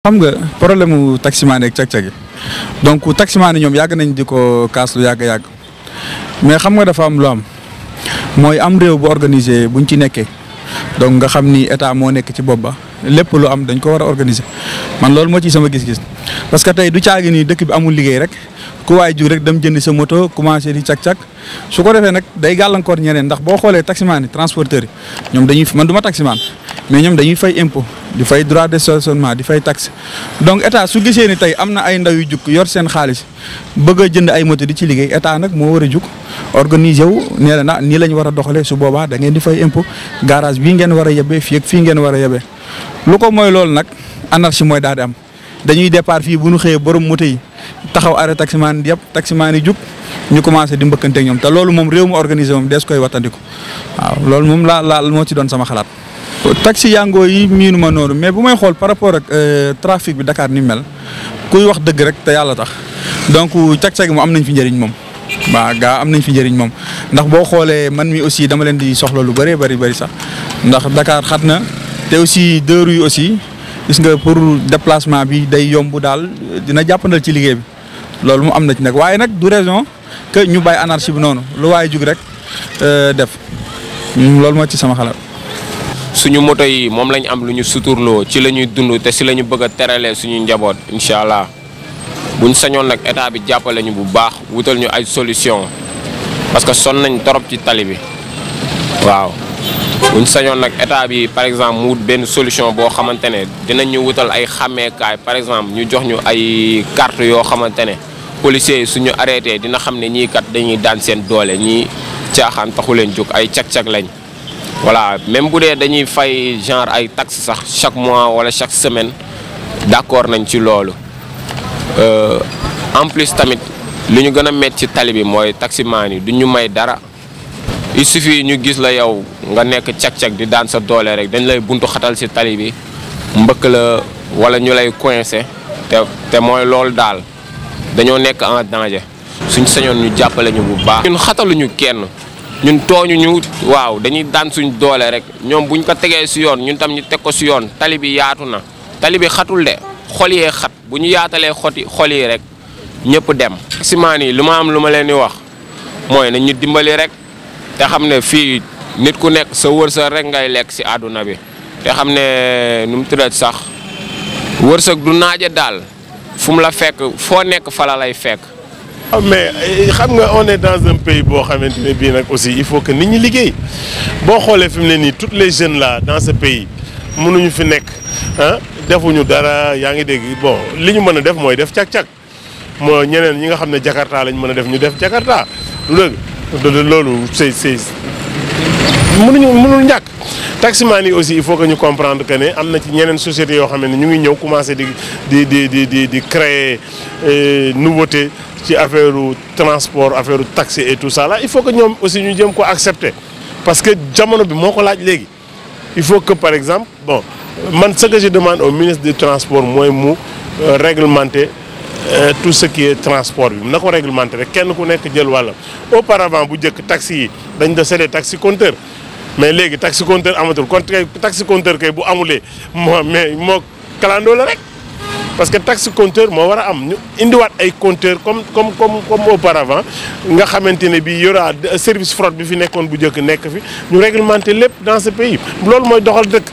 xam nga problème mu taximaan ak cag-cag yi donc taximaan yi ñoom yàgg nañ di ko kaas lu yàgg-yàgg mais xam nga dafa am lu am mooy am réew bu organisé buñ ci nekkee donc nga xam ni état moo nekk ci bopp ba lépp lu am dañ ko war a organiser man loolu moo ci sama gis-gis parce que tey du caagi ni dëkk bi amul liggéey rek ku waay jug rek dem jënd sa moto commencé di cag-cag su ko defee nag day gàllankoor ñeneen ndax boo xoolee taximaan yi transporteurs yi ñoom dañuy man du ma taximaan mais ñoom dañuy fay impôt di fay droit de stationnement di fay taxe donc état su gisee ni tey am na ay ndaw yu jukk yor seen xaalis bëgg jënd ay moto di ci liggéey état nag moo war a jug organiser wu nee na na nii lañ war a doxalee su boobaa da ngeen di fay impôt garage bi ngeen war a yebbee fii ak fii ngeen war a yebbee lu ko mooy loolu nag anarchie mooy daal di am dañuy départ fii bu ñu xëyee borom moto yi taxaw arrêt taximaan yëpp taximaan yi jug ñu commencé di mbëkkante ak te loolu moom réew mu organisé moom dees koy wattandiku waaw loolu moom laa laa ci doon sama xalaat. taxi yàngoo yi miinu ma noonu mais bu may xool par rapport ak euh, trafic bi dakaar ni mel kuy wax dëgg rek te yàlla tax donc cag-cag mu am nañ fi njëriñ moom. maa gaa am nañ fi njariñ moom ndax boo xoolee man mi aussi dama leen di soxla lu bëree bari bëri sax ndax dakaar xat na te aussi deux yi aussi gis nga pour déplacement bi day yomb daal dina jàppandal ci liggéey bi loolu mu am na ci nag waaye nag du raison que ñu bàyyi anarchie bi noonu lu waaye jug rek euh, def loolu moo ci sama xalaat. suñu moto yi moom lañ am lu ñu suturloo ci la ñuy dund te si la ñu bëgg a teralee suñu njaboot incha allah buñ sañoon nag état bi jàppale lañu bu baax wutal ñu ay solution parce que son nañ torop ci tali bi waaw buñ sañoon nag état bi par exemple mu wut benn solution boo xamante ne dinañ ñu wutal ay xàmmeekaay par exemple ñu jox ñu ay carte yoo xamante ne policiers yi suñu arrêté dina xam ne ñii kat dañuy daan seen doole ñii caaxaan taxu leen jóg ay cag lañ voilà même bu dee dañuy fay genre ay taxes sax chaque mois wala chaque semaine d'accord nañ ci loolu euh, en plus tamit lu ñu gën a métti ci tali bi mooy taximaan yi du ñu may dara il suffit ñu gis la yow nga nekk cag-cag di daan sa doole rek dañ lay buntu xatal ci tali bi mbëkk la wala ñu lay coincé te mooy loolu daal dañoo nekk en danger suñ sañoon ñu jàppale ñu bu baax. ñun xataluñu kenn. ñun tooñu ñu waaw dañuy daan suñ doole rek ñoom buñ ko tegee si yoon ñun tam ñu teg ko si yoon tali bi yaatu na tali bi xatul de xol yee xat bu ñu yaatalee xoti xol yi rek ñëpp dem. simaan yi lu ma am lu ma leen di wax mooy nañ ñu dimbali rek te xam ne fii nit ku nekk sa wërsëg rek ngay lekk si àdduna bi te xam ne nu mu tuddati sax wërsëg du naaje daal fum la fekk foo nekk fa la lay fekk. waaw ah, mais eh, xam nga on dans un pays boo xamante ne bii nag aussi il faut que nit ñi liggéey boo xoolee fi mu ne nii toutes les jeunes là dans ce pays mënuñu fi nekk ah defuñu dara yaa ngi dégg bon li ñu mën a def mooy def càq-càq moo ñeneen ñi nga xam ne Jakarta lañ mën a def ñu def Jakarta lu dëgg loolu c'est c'est mënuñu mënul ñàkk taximaan yi aussi il faut que ñu comprendre que ne am na ci ñeneen sociétés yoo xam ne ñu ngi ñëw commencé di di di di di di créer eh, nouveauté ci affaire transport affaire taxi et tout ça là il faut que ñoom aussi ñu jëm ko accepter parce que jamono bi moo ko laaj léegi il faut que par exemple bon man ce que je demande au ministre du transport mooy mu euh, réglementer euh, tout ce qui est transport bi na ko réglementer rek kenn ku nekk jël wàllam auparavant bu njëkk taxi yi dañ da seddee taxi compteur mais léegi taxi compteur amatul kon taxi compteur kay bu amulee moo mais moo kalandoo rek parce que tax compteur moo war a am ñu indiwaat ay compteur comme comme comme comme auparavant nga xamante ne bi yoraa service fraude bi fi nekkoon bu njëkk nekk fi ñu réglementer lépp dans ce pays loolu mooy doxal dëkk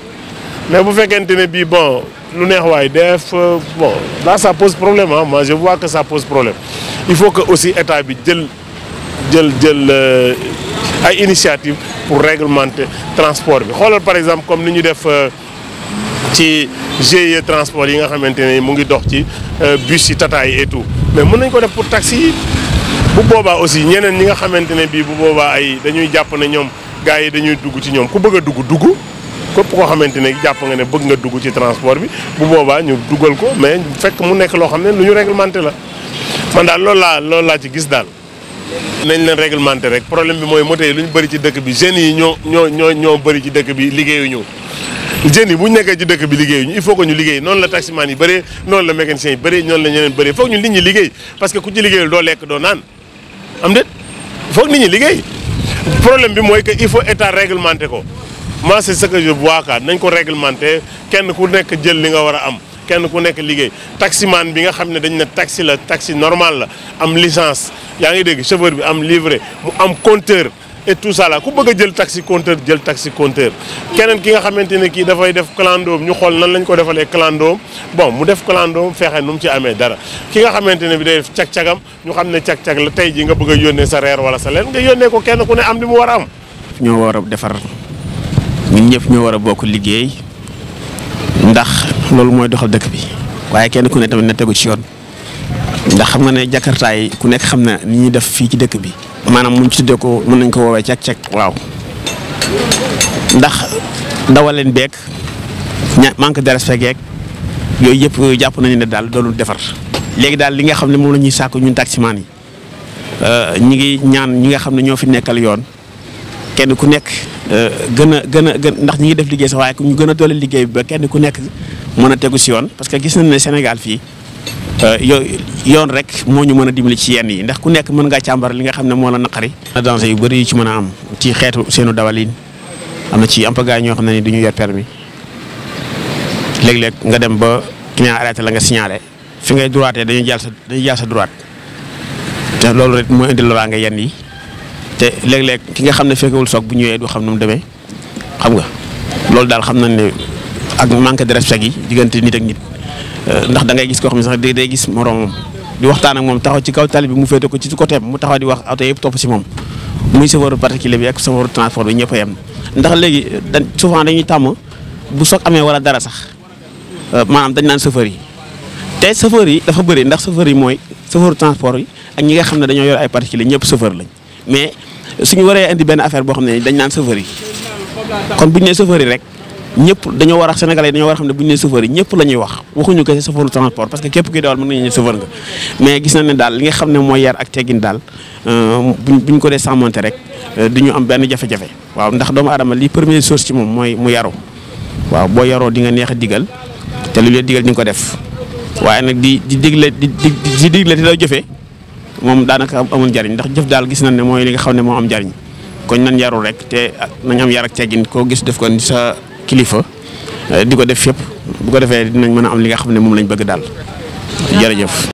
mais bu fekkente ne bii bon lu neex waaye def euh, bon là ça pose problème ah moi je vois que pose problème il faut que aussi état bi jël jël jël euh, ay initiative pour réglementer transport bi xoolal par exemple comme ni ñu def euh, ci GIE transport yi nga xamante ne mu ngi dox ci euh, bus yi tata yi mais mën nañ ko def pour taxi yi bu boobaa aussi ñeneen ñi nga xamante ne bii bu boobaa ay dañuy jàpp ne ñoom gars yi dañuy dugg ci ñoom ku bëgg a dugg dugg képp koo xamante ne jàpp nga ne bëgg nga dugg ci transport bi bu boobaa ñu dugal ko mais fekk mu nekk loo xam ne lu ñu réglementé la man daal loolu laa loolu laa ci gis daal. nañ leen réglementé rek problème bi mooy moto yi lu ñu bëri ci dëkk bi jeunes yi ñoo ñoo ñoo ñoo bëri ci dëkk bi liggéeyuñu jeunes yi bu ñu nekkee dëkk bi liggéeyuñu il faut que ñu liggéey noonu la taximan yi bëree noonu la mécanicien yi bëree noonu la ñeneen bëree foog ñu nit ñi liggéey parce que ku ci liggéeyul doo lekk doo naan am déet foog nit ñi liggéey problème bi mooy que il faut état réglementé ko moi c'est ce que je vois nañ ko réglementé kenn ku nekk jël li nga war a am kenn ku nekk liggéey taximan bi nga xam ne dañ ne taxi la taxi normal la am licence yaa ngi dégg chauffeur bi am livret mu am compteur et tout ça ku bëgg a jël taxi compteur jël taxi compteur keneen ki nga xamante ne kii dafay def clandoom ñu xool nan lañ ko defalee clandoom bon mu def clandoom fexe nu mu ci amee dara ki nga xamante ne bi day def cag-cagam ñu xam ne cag-cag la tey ji nga bëgg yónnee sa reer wala sa leen nga yónnee ko kenn ku ne am li mu war am ñoo war a defar ñun ñëpp ñoo war a bokk liggéey ndax loolu mooy doxal dëkk bi waaye kenn ku ne tamit na tegu ci yoon ndax xam nga ne jakartaay ku nekk xam na ni ñuy def fii ci dëkk bi maanaam muñ ci tuddee ko mën nañ ko woowee cek cek waaw ndax dawaleen beeg ña manque de respect yooyu yëpp jàpp nañu ne daal doonul defar léegi daal li nga xam ne moom la ñuy sàkku ñun taximaan yi euh, ñi ngi ñaan ñi nga xam ne ñoo fi nekkal yoon kenn ku nekk euh, gën a gën a ndax ñi ngi def liggéey sax waaye ku ñu gën a doole liggéey bi ba kenn ku nekk mën a tegu si yoon parce que gis nañu ne Sénégal fii Euh, yo yoon rek moo ñu mën a dimbali ci yenn yi ndax ku nekk mën ngaa càmbar li nga xam ne moo la naqari. na danger yu bëri yu ci mën a am ci xeetu seenu dawalin am na ci ampagaay ñoo xam ne ni du ñu yor permis léeg nga dem ba client la nga signalé fi ngay droité dañuy jàll sa dañuy jàll sa te loolu rek moo indi loraa nga yenn yi te léeg ki nga xam ne fekkewul soog bu ñëwee du xam nu mu demee xam nga loolu daal xam nañ ne ak manque de respect yi diggante nit ak nit. Euh, ndax da ngay gis koo xam ne sax day day gis moroomam di waxtaan ak moom taxaw ci kaw tali bi mu féete ko ci côté mu taxaw di wax oto yëpp topp si moom muy chauffeur particulier bi ak chauffeur transport bi ñëpp a yem ndax léegi dañ souvent dañuy tàmm bu soog amee wala dara sax euh, maanaam dañ naan chauffeur yi te chauffeur yi dafa bëri ndax chauffeur yi mooy chauffeur transport yi ak ñi nga xam ne dañoo yor ay particulier ñëpp chauffeur lañ mais su ñu waree indi benn affaire boo xam ne dañ naan chauffeur yi kon buñ ne chauffeur yi rek ñëpp dañoo war a sénégalais dañoo war a xam ne bu ñu nee chauffeur yi ñëpp wax waxuñu ko ci chauffeur transport parce que képp kuy dawal mën nañu ne chauffeur nga mais gis nañ ne daal li nga xam ne moo yar ak teggin daal euh, buñ buñ ko dee sàmmante rek euh, du ñu am benn jafe waaw ndax doomu aadama li première source ci moom mooy mu yaru waaw boo yaroo di nga neex a digal te lu leen digal di nga ko def waaye nag di di digle di di digle te moom daanaka amul njariñ ndax jëf daal gis nañ ne mooy li nga xam ne moo am njariñ kon nañ yaru rek te nañ am yar ak teggin koo gis def ko sa kilifa eh, di ko def yépp bu ko defee dinañ mën a am li nga xam ne moom lañ bëgg daal jërëjëf.